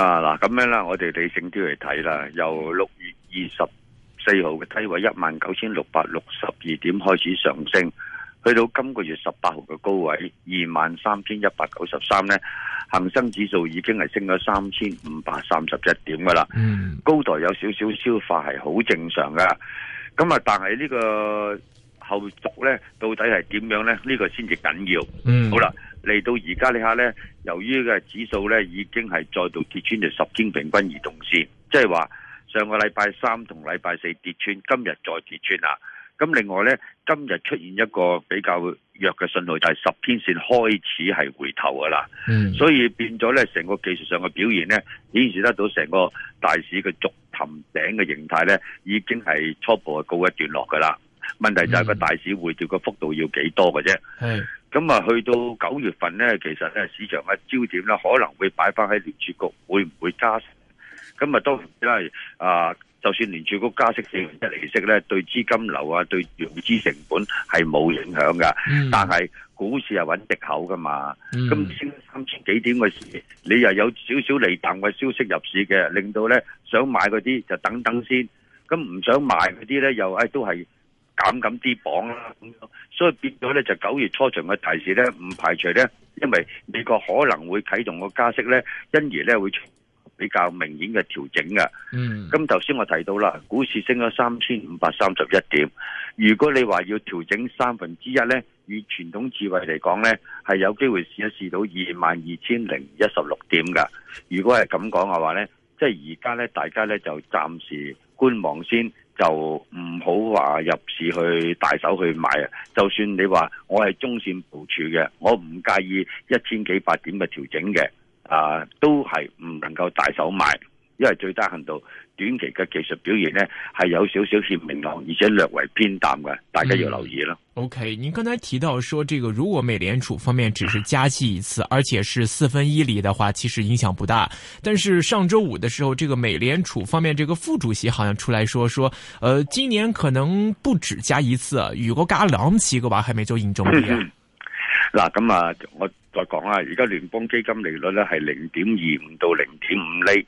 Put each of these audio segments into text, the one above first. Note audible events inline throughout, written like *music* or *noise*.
啊嗱，咁樣啦，我哋理性啲嚟睇啦，由六月二十四號嘅低位一萬九千六百六十二點開始上升，去到今個月十八號嘅高位二萬三千一百九十三咧，恒生指數已經係升咗三千五百三十一點噶啦，嗯、高台有少少消化係好正常噶，咁啊，但係呢個。後續咧到底係點樣咧？呢個先至緊要。嗯，好啦，嚟到而家呢下咧，由於嘅指數咧已經係再度跌穿咗十天平均移動線，即係話上個禮拜三同禮拜四跌穿，今日再跌穿啦。咁另外咧，今日出現一個比較弱嘅信號，就係十天線開始係回頭噶啦。嗯，所以變咗咧，成個技術上嘅表現咧，顯示得到成個大市嘅逐層頂嘅形態咧，已經係初步係告一段落噶啦。問題就係個大市回調個幅度要幾多嘅啫，咁啊係去到九月份咧，其實咧市場嘅焦點咧可能會擺翻喺聯儲局會唔會加息，咁啊當然啦，啊就算聯儲局加息四分一厘息咧，對資金流啊、對融資成本係冇影響噶，但係股市係搵藉口噶嘛，咁先三千幾點嘅時你又有少少利淡嘅消息入市嘅，令到咧想買嗰啲就等等先，咁唔想買嗰啲咧又誒、哎、都係。減咁啲磅啦，咁樣，所以變咗咧就九月初場嘅提示咧，唔排除咧，因爲美國可能會啓動個加息咧，因而咧會比較明顯嘅調整㗎。嗯，咁頭先我提到啦，股市升咗三千五百三十一點，如果你話要調整三分之一咧，3, 以傳統智慧嚟講咧，係有機會試一試到二萬二千零一十六點噶如果係咁講嘅話咧，即係而家咧，大家咧就暫時。觀望先，就唔好話入市去大手去買啊！就算你話我係中線部署嘅，我唔介意一千幾百點嘅調整嘅，啊，都係唔能夠大手買，因為最低限度。短期嘅技術表現呢係有少少欠明朗，而且略為偏淡嘅，大家要留意咯。嗯、o、okay, K，您剛才提到說，這個如果美聯儲方面只是加息一次，而且是四分一厘的話，其實影響不大。但是上週五嘅時候，這個美聯儲方面，這個副主席好像出嚟說，說，呃，今年可能不止加一次，如果加兩次嘅話，還未做認真啲啊。嗯。嗱咁啊，我再講啊，而家聯邦基金利率咧係零點二五到零點五厘。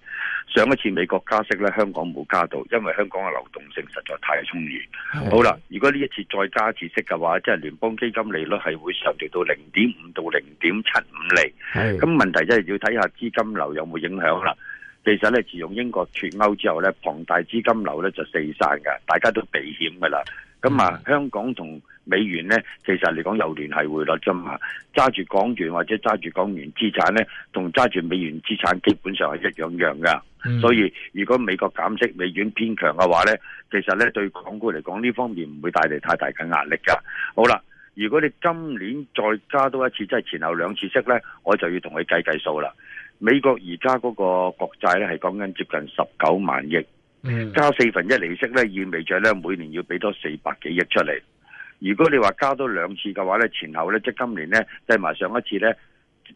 上一次美國加息咧，香港冇加到，因為香港嘅流動性實在太充裕。的好啦，如果呢一次再加次息嘅話，即係聯邦基金利率係會上調到零點五到零點七五厘。咁的問題即係要睇下資金流有冇影響啦。其實咧，自從英國脫歐之後咧，龐大資金流咧就四散噶，大家都避險噶啦。咁的啊，香港同。美元咧，其實嚟講有聯繫匯率啫嘛，揸住港元，或者揸住港元資產咧，同揸住美元資產基本上係一樣樣噶。嗯、所以如果美國減息，美元偏強嘅話咧，其實咧對港股嚟講呢方面唔會帶嚟太大嘅壓力噶。好啦，如果你今年再加多一次，即係前後兩次息咧，我就要同你計計數啦。美國而家嗰個國債咧係講緊接近十九萬億，嗯、加四分一利息咧，意味著咧每年要俾多四百幾億出嚟。如果你話加多兩次嘅話呢，前後呢，即今年呢，計埋上一次呢，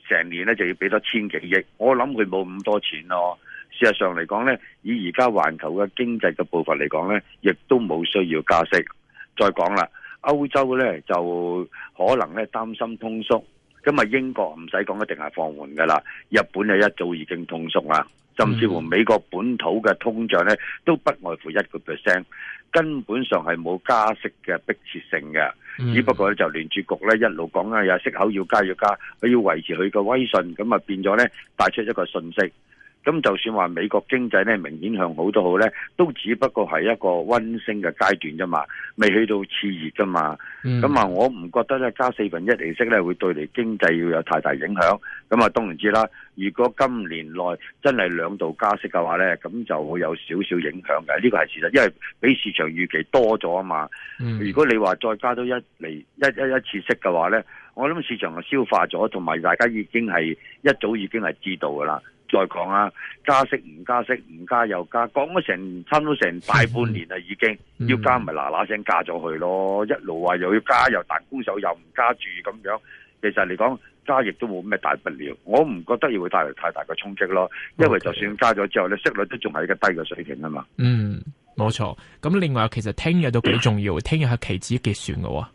成年呢就要俾多千幾億，我諗佢冇咁多錢咯、啊。事實上嚟講呢，以而家環球嘅經濟嘅步伐嚟講呢，亦都冇需要加息。再講啦，歐洲呢就可能呢擔心通縮，今日英國唔使講一定係放緩噶啦，日本就一早就已經通縮啦。嗯、甚至乎美國本土嘅通脹咧，都不外乎一個 percent，根本上係冇加息嘅迫切性嘅。嗯、只不過咧，就聯儲局咧一路講啊，有息口要加要加，佢要維持佢嘅威信，咁啊變咗咧帶出一個訊息。咁就算話美國經濟咧明顯向好都好咧，都只不過係一個溫升嘅階段啫嘛，未去到熾熱噶嘛。咁啊、嗯，我唔覺得咧加四分一利息咧會對你經濟要有太大影響。咁啊，當然之啦。如果今年內真係兩度加息嘅話咧，咁就會有少少影響嘅。呢、這個係事實，因為比市場預期多咗啊嘛。嗯、如果你話再加多一釐一一一次息嘅話咧，我諗市場係消化咗，同埋大家已經係一早已經係知道噶啦。再講啊，加息唔加息唔加又加，講咗成差唔多成大半年啦，已經、嗯嗯、要加咪嗱嗱聲加咗去咯，一路話又要加又彈高手又唔加住咁樣，其實嚟講加亦都冇咩大不了，我唔覺得會帶嚟太大嘅衝擊咯，因為就算加咗之後，你息率都仲係一個低嘅水平啊嘛。嗯，冇錯。咁另外其實聽日都幾重要，聽日係期指結算嘅。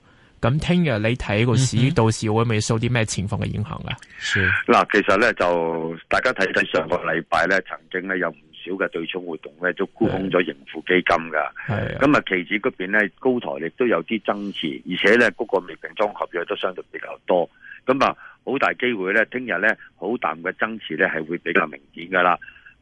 咁聽日你睇個市，到時會唔會受啲咩情況嘅影響啊？嗱、嗯嗯，是其實咧就大家睇睇上個禮拜咧，曾經咧有唔少嘅對沖活動咧，都沽空咗盈富基金噶。咁啊的，期指嗰邊咧高台亦都有啲增持，而且咧嗰個未平倉合約都相對比較多。咁啊，好大機會咧，聽日咧好淡嘅增持咧係會比較明顯噶啦。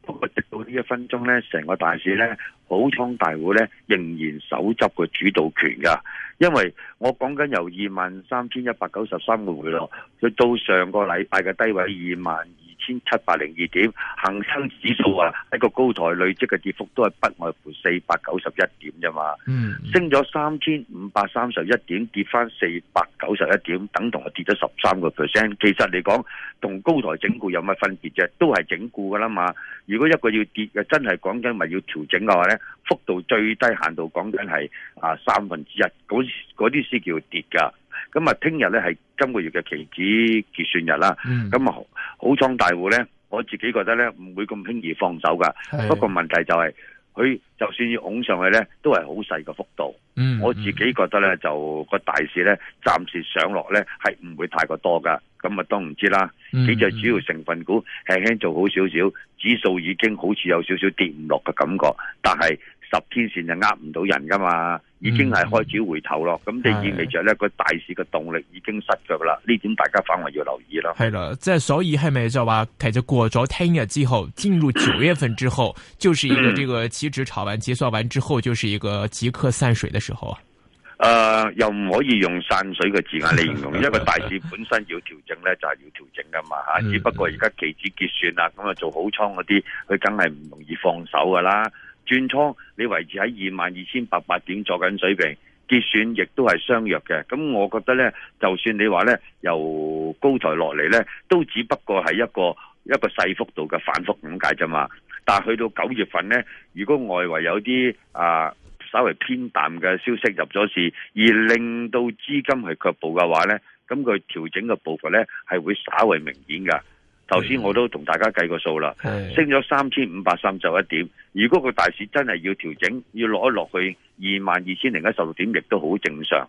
不過直到呢一分鐘呢，成個大市呢，普通大戶呢，仍然手執個主導權㗎，因為我講緊由二萬三千一百九十三個回落，佢到上個禮拜嘅低位二萬千七百零二點，恒生指數啊，一個高台累積嘅跌幅都係不外乎四百九十一點啫嘛，升咗三千五百三十一點，跌翻四百九十一點，等同係跌咗十三個 percent。其實嚟講，同高台整固有乜分別啫？都係整固噶啦嘛。如果一個要跌嘅，真係講緊咪要調整嘅話咧，幅度最低限度講緊係啊三分之一，嗰啲先叫跌噶。咁啊，聽日咧係今個月嘅期指結算日啦。咁啊、嗯，好倉大戶咧，我自己覺得咧唔會咁輕易放手噶。是不過問題就係、是、佢就算要拱上去咧，都係好細嘅幅度。嗯、我自己覺得咧，就個大市咧，暫時上落咧係唔會太過多噶。咁啊，都唔知啦。其實主要成分股輕輕做好少少，指數已經好似有少少跌唔落嘅感覺，但係。十天線就呃唔到人噶嘛，已經係開始回頭咯。咁、嗯、你意味着咧個大市嘅動力已經失咗啦。呢、哎、點大家反為要留意啦。係啦，即係所以是是，係咪就話其實過咗聽日之後，進入九月份之後，嗯、就是一個這個期指炒完結算完之後，就是一個即刻散水嘅時候。誒、呃，又唔可以用散水嘅字眼嚟形容，因為大市本身要調整咧，就係、是、要調整噶嘛吓。嗯、只不過而家期指結算啊，咁啊、嗯、做好倉嗰啲，佢梗係唔容易放手噶啦。轉倉，轉倉你維持喺二萬二千八百點作緊水平，結算亦都係相約嘅。咁我覺得呢，就算你話呢，由高台落嚟呢，都只不過係一個一個細幅度嘅反覆咁解咋嘛。但係去到九月份呢，如果外圍有啲啊稍微偏淡嘅消息入咗市，而令到資金係卻步嘅話呢，咁佢調整嘅步伐呢，係會稍微明顯㗎。頭先我都同大家計個數啦，升咗三千五百三十一點。如果個大市真係要調整，要落一落去二萬二千零一十六點，亦都好正常。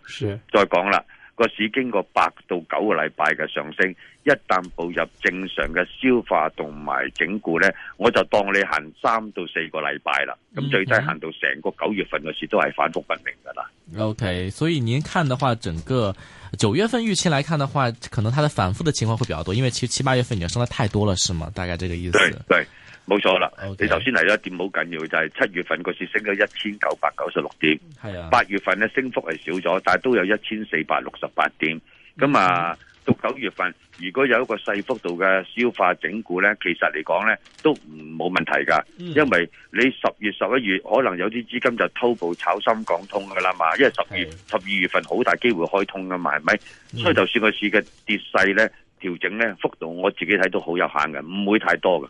再講啦。個市經過八到九個禮拜嘅上升，一旦步入正常嘅消化同埋整固呢，我就當你行三到四個禮拜啦。咁最低行到成個九月份嘅時，都係反覆不明噶啦。OK，所以您看的話，整個九月份預期來看的話，可能它的反覆的情況會比較多，因為其實七八月份已經升得太多了，是嗎？大概這個意思。對。對冇錯啦，錯 Okay. 你頭先嚟咗一點好緊要，就係、是、七月份個市升咗一千九百九十六點，八 Yeah. 月份咧升幅係少咗，但都有一千四百六十八點。咁、mm hmm. 啊，到九月份，如果有一個細幅度嘅消化整固咧，其實嚟講咧都冇問題㗎，mm hmm. 因為你十月十一月可能有啲資金就偷步炒深港通㗎啦嘛，因為十月十二 Yeah. 月份好大機會開通㗎嘛，係咪？Mm hmm. 所以就算個市嘅跌勢咧調整咧幅度，我自己睇都好有限嘅，唔會太多㗎。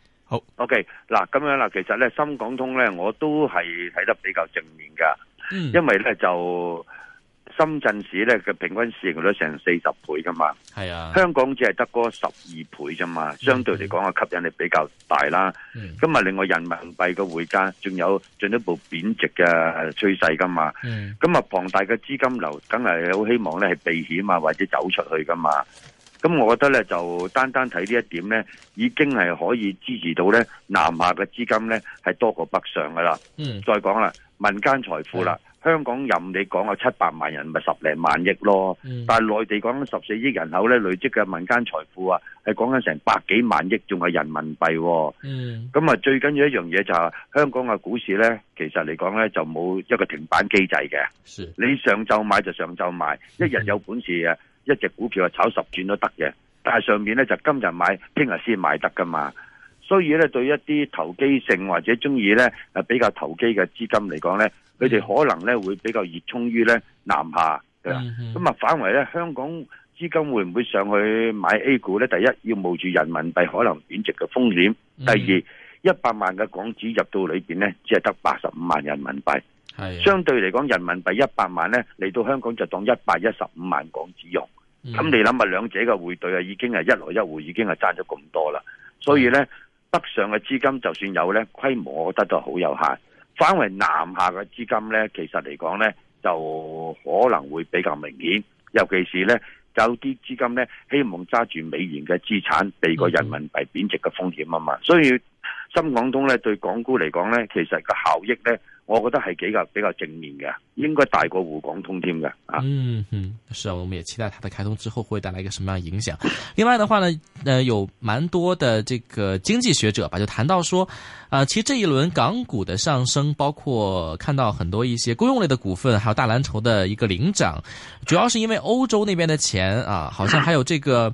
好 OK 嗱，咁樣啦，其實咧深港通咧，我都係睇得比較正面噶，嗯、因為咧就深圳市咧嘅平均市盈率成四十倍噶嘛，係啊，香港只係得嗰十二倍啫嘛，相對嚟講啊，嗯、吸引力比較大啦。咁啊、嗯，另外人民幣嘅匯價仲有進一步貶值嘅趨勢噶嘛，咁啊、嗯，龐大嘅資金流梗係好希望咧係避險啊，或者走出去噶嘛。咁我覺得咧，就單單睇呢一點咧，已經係可以支持到咧南下嘅資金咧係多過北上噶啦。嗯，再講啦，民間財富啦，嗯、香港任你講個七百萬人，咪十零萬億咯。嗯、但內地講十四億人口咧累積嘅民間財富啊，係講緊成百幾萬億，仲係人民幣、啊。嗯，咁啊，最緊要一樣嘢就係、是、香港嘅股市咧，其實嚟講咧就冇一個停板機制嘅。是你上晝買就上晝賣，一日有本事啊、嗯嗯一隻股票係，炒十轉都得嘅，但係上面咧就今日買聽日先買得噶嘛，所以咧對一啲投機性或者中意咧啊比較投機嘅資金嚟講咧，佢哋、嗯、可能咧會比較熱衷於咧南下，咁啊、嗯嗯、反為咧香港資金會唔會上去買 A 股咧？第一要冒住人民幣可能貶值嘅風險，第二一百、嗯、萬嘅港紙入到裏邊咧，只係得八十五萬人民幣。相對嚟講，人民幣一百萬咧嚟到香港就當一百一十五萬港紙用，咁你諗下兩者嘅匯兌啊，已經係一來一回已經係賺咗咁多啦，所以咧北上嘅資金就算有咧規模，我覺得都好有限。反為南下嘅資金咧，其實嚟講咧就可能會比較明顯，尤其是咧有啲資金咧希望揸住美元嘅資產避個人民幣貶值嘅風險啊嘛，所以。深港通呢對港股嚟講呢，其實個效益呢，我覺得係比較比較正面嘅，應該大過滬港通添嘅啊。嗯嗯，是啊，我們也期待它的開通之後會帶來一個什麼樣的影響。另外的話呢，誒、呃、有蠻多的這個經濟學者吧，就談到說，啊、呃、其實這一輪港股的上升，包括看到很多一些公用類的股份，還有大藍籌的一個領漲，主要是因為歐洲那邊的錢啊，好像還有這個。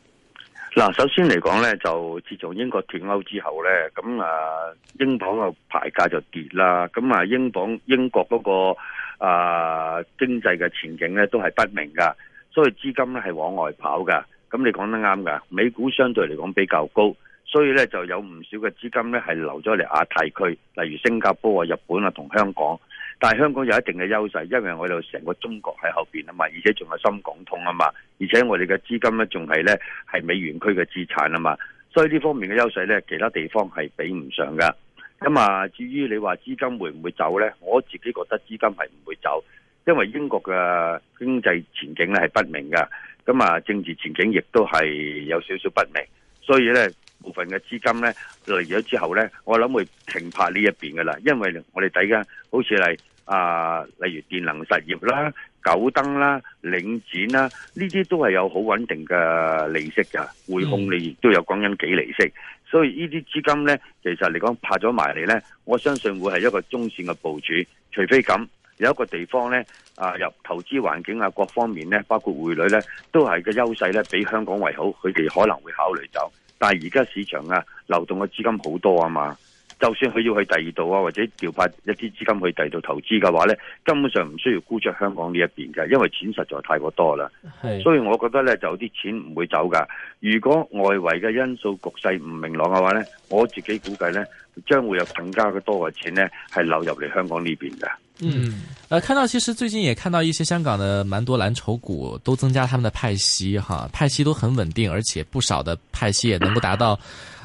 嗱，首先嚟講咧，就自從英國脫歐之後咧，咁啊，英鎊個牌價就跌啦。咁、那個、啊，英鎊英國嗰個啊經濟嘅前景咧都係不明噶，所以資金咧係往外跑噶。咁你講得啱噶，美股相對嚟講比較高，所以咧就有唔少嘅資金咧係留咗嚟亞太區，例如新加坡啊、日本啊同香港。但係香港有一定嘅優勢，因為我哋成個中國喺後邊啊嘛，而且仲有深港通啊嘛，而且我哋嘅資金咧仲係咧係美元區嘅資產啊嘛，所以呢方面嘅優勢咧，其他地方係比唔上噶。咁啊，至於你話資金會唔會走咧？我自己覺得資金係唔會走，因為英國嘅經濟前景咧係不明嘅，咁啊政治前景亦都係有少少不明，所以咧部分嘅資金咧嚟咗之後咧，我諗會停泊呢一邊嘅啦，因為我哋睇緊好似係。啊，例如電能實業啦、九燈啦、領展啦，呢啲都係有好穩定嘅利息噶，匯控你亦都有講緊幾利息，所以呢啲資金呢，其實嚟講拍咗埋嚟呢，我相信會係一個中線嘅部署，除非咁有一個地方呢，啊入投資環境啊各方面呢，包括匯率呢，都係個優勢呢，比香港為好，佢哋可能會考慮走，但係而家市場啊，流動嘅資金好多啊嘛。就算佢要去第二度啊，或者調派一啲資金去第二度投資嘅話呢，根本上唔需要沽出香港呢一邊嘅，因為錢實在太過多啦。是所以我覺得呢，就有啲錢唔會走㗎。如果外圍嘅因素局勢唔明朗嘅話呢，我自己估計呢，將會有更加嘅多嘅錢呢係流入嚟香港呢邊嘅。嗯，呃，看到其實最近也看到一些香港嘅，蠻多藍籌股都增加他們嘅派息，哈，派息都很穩定，而且不少的派息也能夠達到。 *laughs*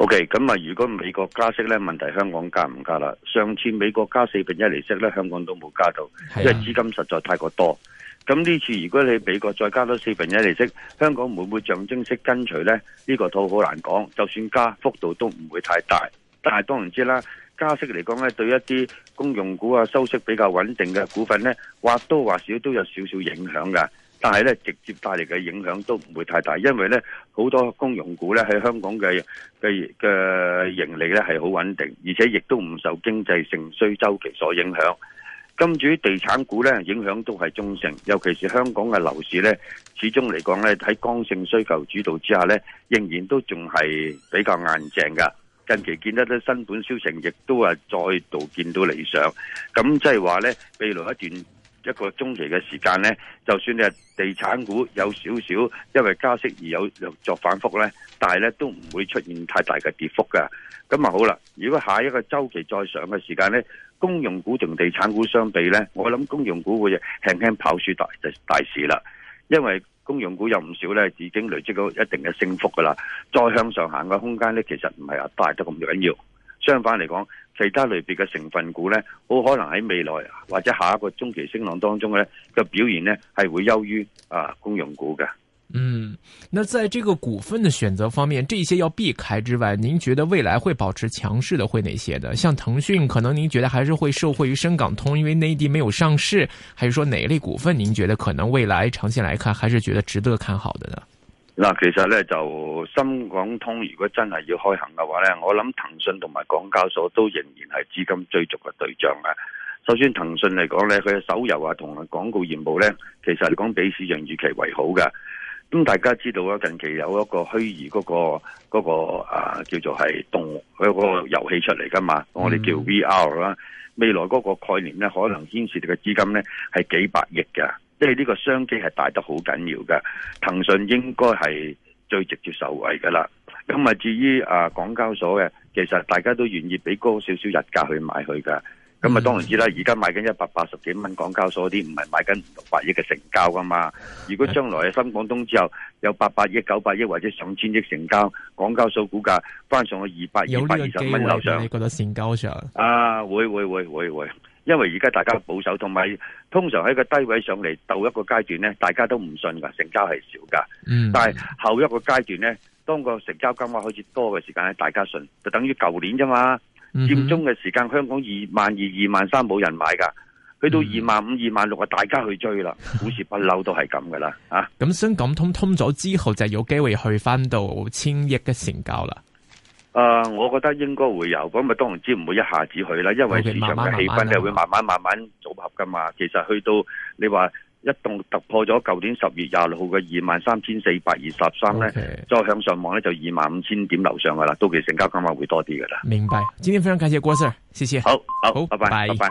O K，咁啊，okay, 如果美國加息咧，問題香港加唔加啦？上次美國加四分一利息咧，香港都冇加到，因為資金實在太過多。咁呢次如果你美國再加多四分一利息，香港會唔會象徵式跟隨咧？呢個套好難講。就算加幅度都唔會太大，但係當然知啦，加息嚟講咧，對一啲公用股啊、收息比較穩定嘅股份咧，或多或少都有少少影響㗎。但係咧，直接帶嚟嘅影響都唔會太大，因為咧好多公用股咧喺香港嘅嘅嘅盈利咧係好穩定，而且亦都唔受經濟盛衰周期所影響。跟住地產股咧，影響都係中性，尤其是香港嘅樓市咧始終嚟講咧喺剛性需求主導之下咧，仍然都仲係比較硬淨㗎。近期見得啲新盤銷情，亦都係再度見到理想，咁即係話咧未來一段。一個中期嘅時間呢，就算你係地產股有少少因為加息而有作反覆呢，但係呢都唔會出現太大嘅跌幅噶。咁啊好啦，如果下一個周期再上嘅時間呢，公用股同地產股相比呢，我諗公用股會輕輕跑輸大大市啦。因為公用股有唔少呢已經累積到一定嘅升幅噶啦，再向上行嘅空間呢，其實唔係話大得咁緊要。相反嚟講。其他類別嘅成分股呢，好可能喺未來或者下一個中期升浪當中呢，嘅表現呢係會優於啊公用股嘅。嗯，那在這個股份的選擇方面，這些要避開之外，您覺得未來會保持強勢的會哪些的？像騰訊，可能您覺得還是會受惠於深港通，因為內地沒有上市，還是說哪一類股份您覺得可能未來長期來看還是覺得值得看好的呢？嗱，其實咧就深港通，如果真係要開行嘅話咧，我諗騰訊同埋港交所都仍然係資金追逐嘅對象啊！首先騰訊嚟講咧，佢嘅手遊啊同埋廣告業務咧，其實嚟講比市場預期為好嘅。咁大家知道啊，近期有一個虛擬嗰個嗰個啊叫做係動嗰個遊戲出嚟噶嘛，我哋叫 VR 啦。未來嗰個概念咧，可能牽涉嘅資金咧係幾百億嘅。即係呢個商機係大得好緊要嘅，騰訊應該係最直接受惠嘅啦。咁啊至於啊港交所嘅，其實大家都願意俾高少少日價去買佢嘅。咁啊當然知啦，而家、嗯、買緊一百八十幾蚊港交所啲，唔係買緊六百億嘅成交㗎嘛。如果將來喺深港通之後，有八百億、九百億或者上千億成交，港交所股價翻上去二百、二百二十蚊樓上，有呢個機會啊？你覺得升交上啊？啊會會會會會。會會會。因為而家大家保守，同埋通常喺個低位上嚟，到一個階段呢，大家都唔信噶，成交係少噶。嗯哼。但係後一個階段呢，當個成交金額開始多嘅時間咧，大家信就等於舊年啫嘛。嗯哼。佔中嘅時間，香港二萬二、二萬三冇人買噶，去到二萬五、二萬六啊，大家去追啦。股市不嬲都係咁噶啦， *laughs* 啊。咁深港通通咗之後，就有機會去翻到千億嘅成交啦。誒、呃，我覺得應該會有，咁咪當然之唔會一下子去啦，因為市場嘅氣氛咧會慢慢慢慢組合噶嘛。其實去到你話一棟突破咗舊年十月廿六號嘅二萬三千四百二十三咧，再向上望咧就二萬五千點樓上噶啦，到期成交金額會多啲噶啦。明白。今天非常感謝郭 Sir，謝謝。好好，拜拜，拜拜。